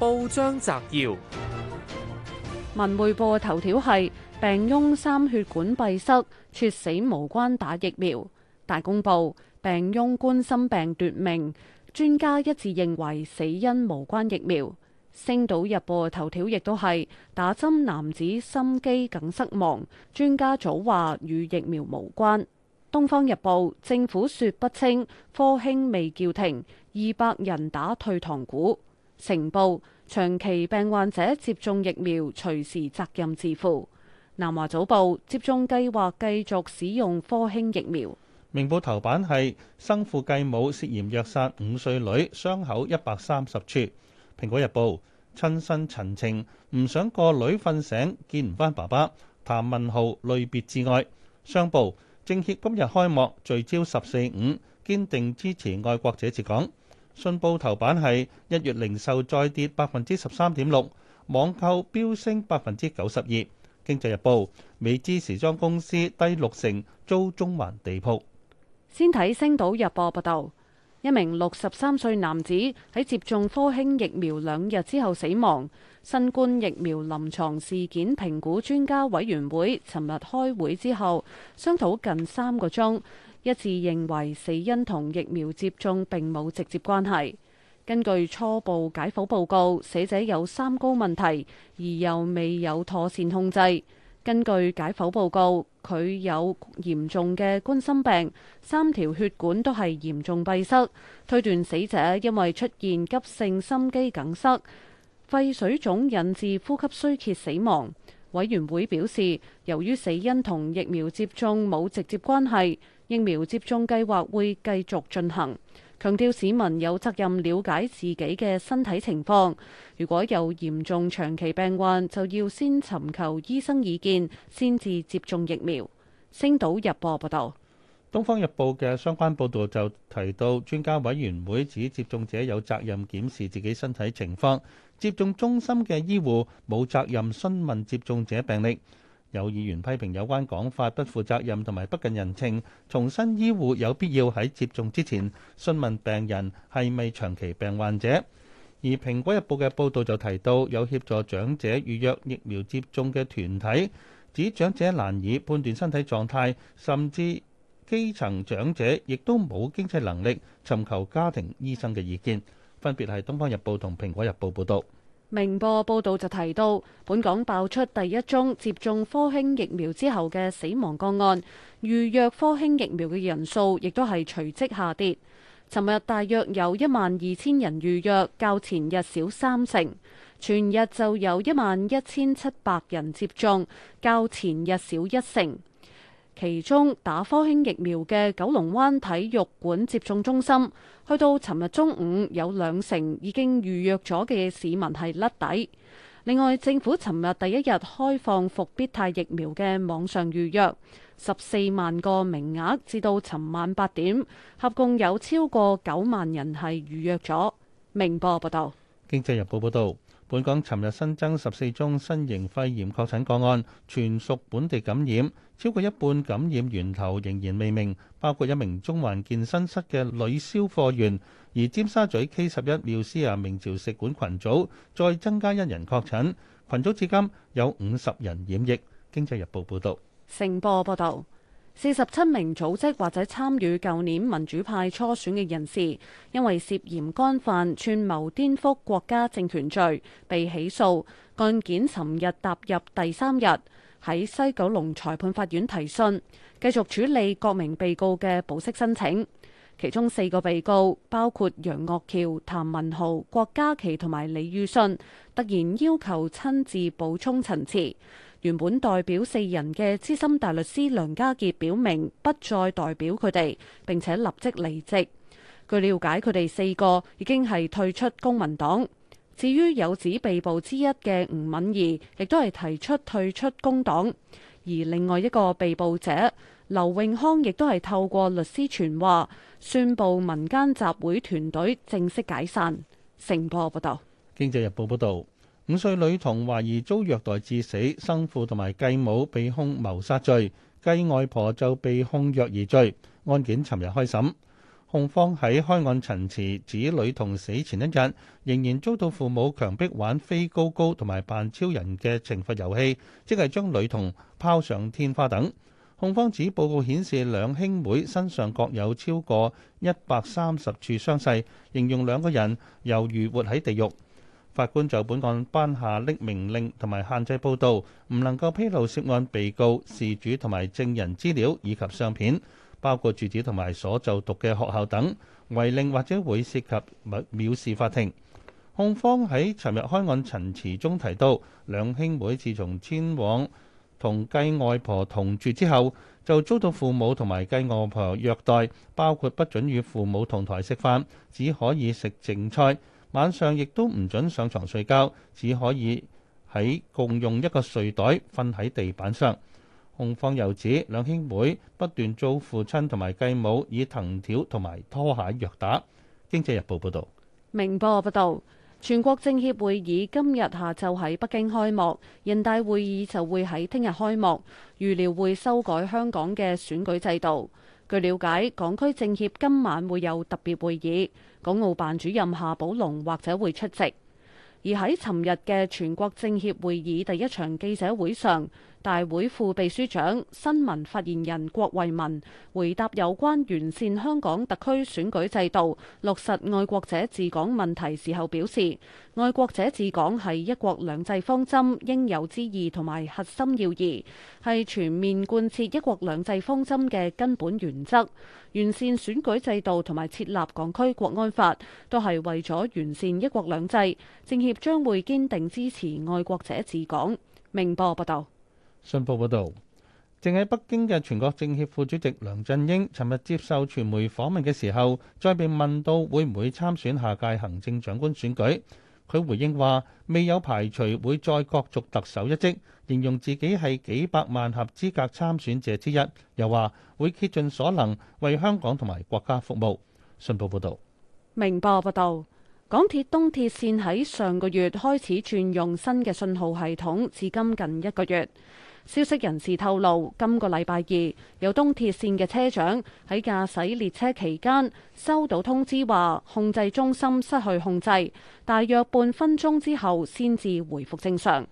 報章摘要：文匯報頭條係病翁三血管閉塞，猝死無關打疫苗。大公報：病翁冠心病奪命，專家一致認為死因無關疫苗。星島日報頭條亦都係打針男子心肌梗塞亡，專家早話與疫苗無關。東方日報：政府說不清，科興未叫停，二百人打退堂鼓。呈報長期病患者接種疫苗，隨時責任自負。南華早報接種計劃繼續使用科興疫苗。明報頭版係生父繼母涉嫌虐殺五歲女，傷口一百三十處。蘋果日報親身陳情，唔想個女瞓醒見唔返爸爸。譚文浩淚別摯愛。商報政協今日開幕，聚焦十四五，堅定支持愛國者接港。信報頭版係一月零售再跌百分之十三點六，網購飆升百分之九十二。經濟日報美資時裝公司低六成租中環地鋪。先睇星島日報報道，一名六十三歲男子喺接種科興疫苗兩日之後死亡。新冠疫苗臨床事件評估專家委員會尋日開會之後，商討近三個鐘。一致認為死因同疫苗接種並冇直接關係。根據初步解剖報告，死者有三高問題，而又未有妥善控制。根據解剖報告，佢有嚴重嘅冠心病，三條血管都係嚴重閉塞，推斷死者因為出現急性心肌梗塞、肺水腫，引致呼吸衰竭死亡。委員會表示，由於死因同疫苗接種冇直接關係，疫苗接種計劃會繼續進行，強調市民有責任了解自己嘅身體情況。如果有嚴重長期病患，就要先尋求醫生意見，先至接種疫苗。星島日報報道，《東方日報》嘅相關報道就提到，專家委員會指接種者有責任檢視自己身體情況，接種中心嘅醫護冇責任詢問接種者病歷。有議員批評有關講法不負責任同埋不近人情，重申醫護有必要喺接種之前詢問病人係咪長期病患者。而《蘋果日報》嘅報導就提到，有協助長者預約疫苗接種嘅團體指長者難以判斷身體狀態，甚至基層長者亦都冇經濟能力尋求家庭醫生嘅意見。分別係《東方日報》同《蘋果日報》報導。明報報道就提到，本港爆出第一宗接種科興疫苗之後嘅死亡個案，預約科興疫苗嘅人數亦都係隨即下跌。尋日大約有一萬二千人預約，較前日少三成；全日就有一萬一千七百人接種，較前日少一成。其中打科興疫苗嘅九龍灣體育館接種中心，去到尋日中午有兩成已經預約咗嘅市民係甩底。另外，政府尋日第一日開放復必泰疫苗嘅網上預約，十四萬個名額，至到尋晚八點，合共有超過九萬人係預約咗。明報報道。《經濟日報》報道。本港尋日新增十四宗新型肺炎確診個案，全屬本地感染，超過一半感染源頭仍然未明，包括一名中環健身室嘅女銷貨員，而尖沙咀 K 十一妙思亞明朝食館群組再增加一人確診，群組至今有五十人染疫。經濟日報報道。成波報導。四十七名組織或者參與舊年民主派初選嘅人士，因為涉嫌干犯串謀顛覆國家政權罪，被起訴。案件尋日踏入第三日，喺西九龍裁判法院提訊，繼續處理各名被告嘅保釋申請。其中四個被告，包括楊岳橋、譚文豪、郭家麒同埋李予信，突然要求親自補充陳詞。原本代表四人嘅資深大律師梁家傑表明不再代表佢哋，並且立即離職。據了解，佢哋四個已經係退出公民黨。至於有指被捕之一嘅吳敏儀，亦都係提出退出工黨。而另外一個被捕者劉頴匡，亦都係透過律師傳話宣布民間集會團隊正式解散。成報報道，《經濟日報》報道。五歲女童懷疑遭虐待致死，生父同埋繼母被控謀殺罪，繼外婆就被控虐兒罪。案件尋日開審，控方喺開案陳詞指女童死前一日仍然遭到父母強迫玩飛高高同埋扮超人嘅懲罰遊戲，即係將女童拋上天花等。控方指報告顯示兩兄妹身上各有超過一百三十處傷勢，形容兩個人猶如活喺地獄。法官就本案頒下匿名令同埋限制報道，唔能夠披露涉案被告、事主同埋證人資料以及相片，包括住址同埋所就讀嘅學校等。違令或者會涉及藐視法庭。控方喺尋日開案陳詞中提到，兩兄妹自從遷往同繼外婆同住之後，就遭到父母同埋繼外婆虐待，包括不准與父母同台食飯，只可以食剩菜。晚上亦都唔准上床睡覺，只可以喺共用一個睡袋瞓喺地板上。控方由此兩兄妹不斷遭父親同埋繼母以藤條同埋拖鞋虐打。經濟日報報道，明報報道，全國政協會議今日下晝喺北京開幕，人大會議就會喺聽日開幕，預料會修改香港嘅選舉制度。據了解，港區政協今晚會有特別會議，港澳辦主任夏寶龍或者會出席。而喺尋日嘅全國政協會議第一場記者會上，大會副秘書長、新聞發言人郭衛民回答有關完善香港特區選舉制度、落實愛國者治港問題時候，表示：愛國者治港係一國兩制方針應有之義同埋核心要義，係全面貫徹一國兩制方針嘅根本原則。完善選舉制度同埋設立港區國安法都係為咗完善一國兩制。政協將會堅定支持愛國者治港。明報報道。信報報道，淨喺北京嘅全國政協副主席梁振英，尋日接受傳媒訪問嘅時候，再被問到會唔會參選下屆行政長官選舉，佢回應話：未有排除會再角逐特首一職，形容自己係幾百萬合資格參選者之一，又話會竭盡所能為香港同埋國家服務。信報報道。明「明報報道，港鐵東鐵線喺上個月開始轉用新嘅信號系統，至今近一個月。消息人士透露，今個禮拜二有東鐵線嘅車長喺駕駛列車期間收到通知，話控制中心失去控制，大約半分鐘之後先至回復正常。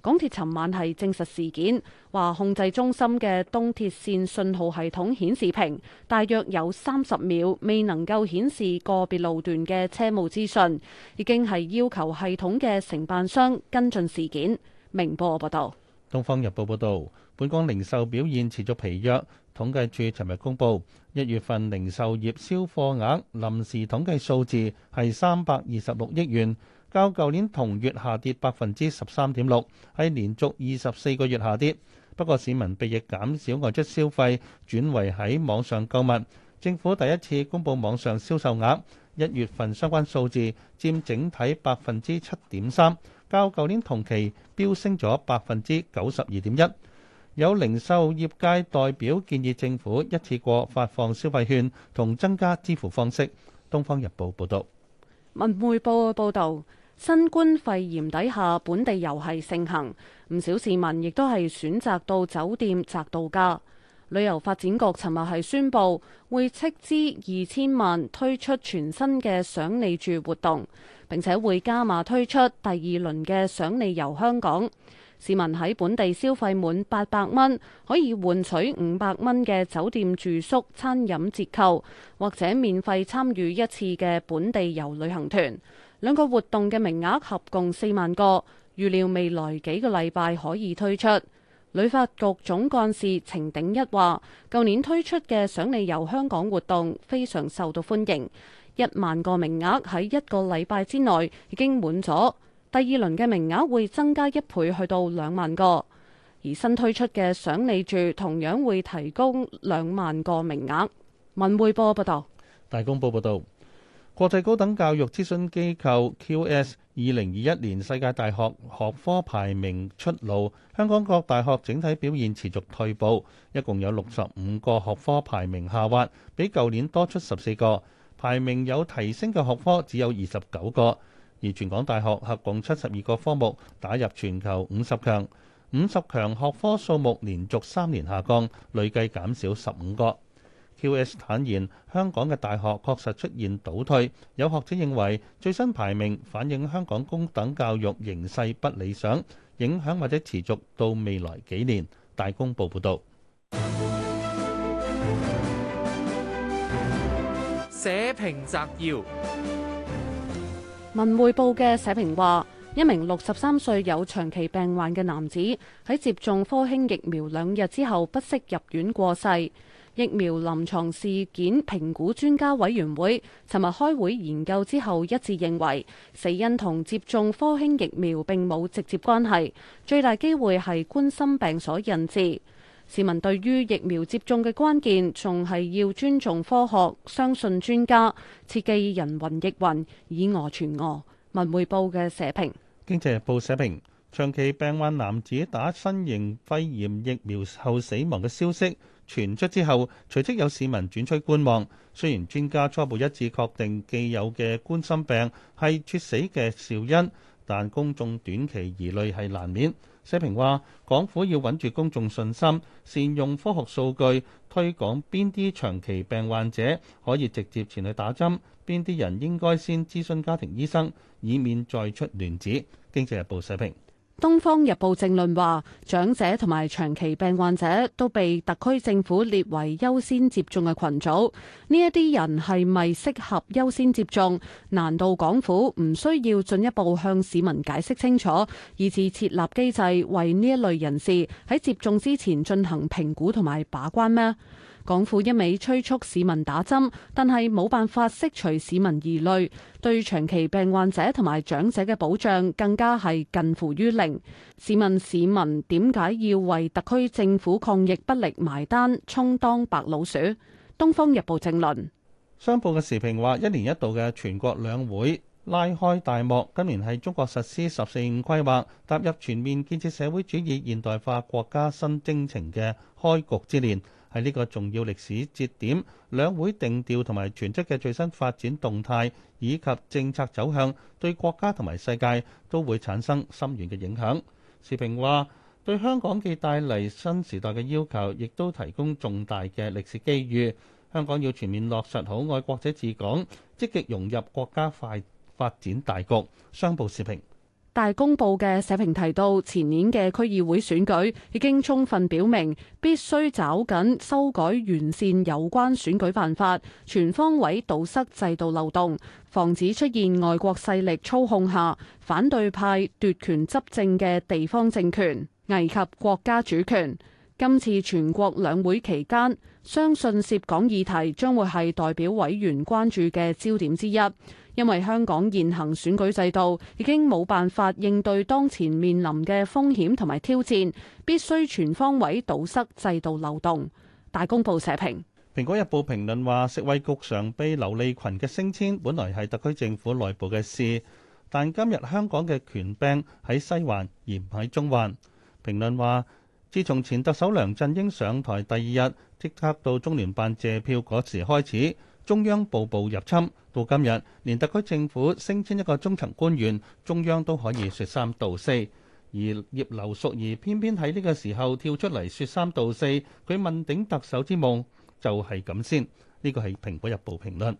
港鐵尋晚係證實事件，話控制中心嘅東鐵線信號系統顯示屏大約有三十秒未能夠顯示個別路段嘅車務資訊，已經係要求系統嘅承辦商跟進事件。明報、啊、報道。《東方日報》報導，本港零售表現持續疲弱。統計處尋日公布，一月份零售業銷貨額臨時統計數字係三百二十六億元，較舊年同月下跌百分之十三點六，係連續二十四個月下跌。不過市民被疫減少外出消費，轉為喺網上購物。政府第一次公布網上銷售額，一月份相關數字佔整體百分之七點三。較舊年同期飆升咗百分之九十二點一，有零售業界代表建議政府一次過發放消費券同增加支付方式。《東方日報》報導，《文匯報》報導，新冠肺炎底下本地遊係盛行，唔少市民亦都係選擇到酒店宅度假。旅遊發展局尋日係宣布，會斥資二千萬推出全新嘅賞你住活動，並且會加碼推出第二輪嘅賞你遊香港。市民喺本地消費滿八百蚊，可以換取五百蚊嘅酒店住宿、餐飲折扣，或者免費參與一次嘅本地遊旅行團。兩個活動嘅名額合共四萬個，預料未來幾個禮拜可以推出。旅發局總幹事程鼎一話：舊年推出嘅賞你遊香港活動非常受到歡迎，一萬個名額喺一個禮拜之內已經滿咗，第二輪嘅名額會增加一倍去到兩萬個，而新推出嘅賞你住同樣會提供兩萬個名額。文匯報報道。大公報報導。國際高等教育諮詢機構 QS 二零二一年世界大學學科排名出爐，香港各大學整體表現持續退步，一共有六十五個學科排名下滑，比舊年多出十四個。排名有提升嘅學科只有二十九個，而全港大學合共七十二個科目打入全球五十強，五十強學科數目連續三年下降，累計減少十五個。QS 坦言，香港嘅大學確實出現倒退。有學者認為，最新排名反映香港高等教育形勢不理想，影響或者持續到未來幾年。大公報報導，社評摘要：文匯報嘅社評話，一名六十三歲有長期病患嘅男子喺接種科興疫苗兩日之後，不適入院過世。疫苗臨床事件評估專家委員會尋日開會研究之後一致認為，死因同接種科興疫苗並冇直接關係，最大機會係冠心病所引致。市民對於疫苗接種嘅關鍵仲係要尊重科學，相信專家，切忌人云亦云、以訛傳訛。文匯報嘅社評。經濟日報社評，長期病患男子打新型肺炎疫苗後死亡嘅消息，傳出之後，隨即有市民轉出觀望。雖然專家初步一致確定既有嘅冠心病係猝死嘅肇因，但公眾短期疑慮係難免。社評話：港府要穩住公眾信心，善用科學數據推廣邊啲長期病患者可以直接前去打針，邊啲人應該先諮詢家庭醫生，以免再出亂子。經濟日報社評。《東方日報》政論話，長者同埋長期病患者都被特區政府列為優先接種嘅群組，呢一啲人係咪適合優先接種？難道港府唔需要進一步向市民解釋清楚，以至設立機制為呢一類人士喺接種之前進行評估同埋把關咩？港府一味催促市民打針，但係冇辦法釋除市民疑慮，對長期病患者同埋長者嘅保障更加係近乎於零。試問市民點解要為特區政府抗疫不力埋單，充當白老鼠？《東方日報》正論。商報嘅時評話一年一度嘅全國兩會拉開大幕，今年係中國實施「十四五」規劃踏入全面建設社會主義現代化國家新征程嘅開局之年。喺呢個重要歷史節點，兩會定調同埋全職嘅最新發展動態以及政策走向，對國家同埋世界都會產生深遠嘅影響。時評話：對香港嘅帶嚟新時代嘅要求，亦都提供重大嘅歷史機遇。香港要全面落實好愛國者治港，積極融入國家快發展大局。商報時評。大公報嘅社評提到，前年嘅區議會選舉已經充分表明，必須抓緊修改完善有關選舉辦法，全方位堵塞制度漏洞，防止出現外國勢力操控下反對派奪權執政嘅地方政權，危及國家主權。今次全國兩會期間，相信涉港議題將會係代表委員關注嘅焦點之一，因為香港現行選舉制度已經冇辦法應對當前面臨嘅風險同埋挑戰，必須全方位堵塞制度漏洞。大公報社評，《蘋果日報》評論話：食衞局常秘劉利群嘅升遷，本來係特區政府內部嘅事，但今日香港嘅權柄喺西環，而唔喺中環。評論話。自從前特首梁振英上台第二日，即刻到中聯辦借票嗰時開始，中央步步入侵，到今日連特區政府升遷一個中層官員，中央都可以説三道四。而葉劉淑儀偏偏喺呢個時候跳出嚟説三道四，佢問鼎特首之夢就係咁先。呢個係《蘋果日報》評論。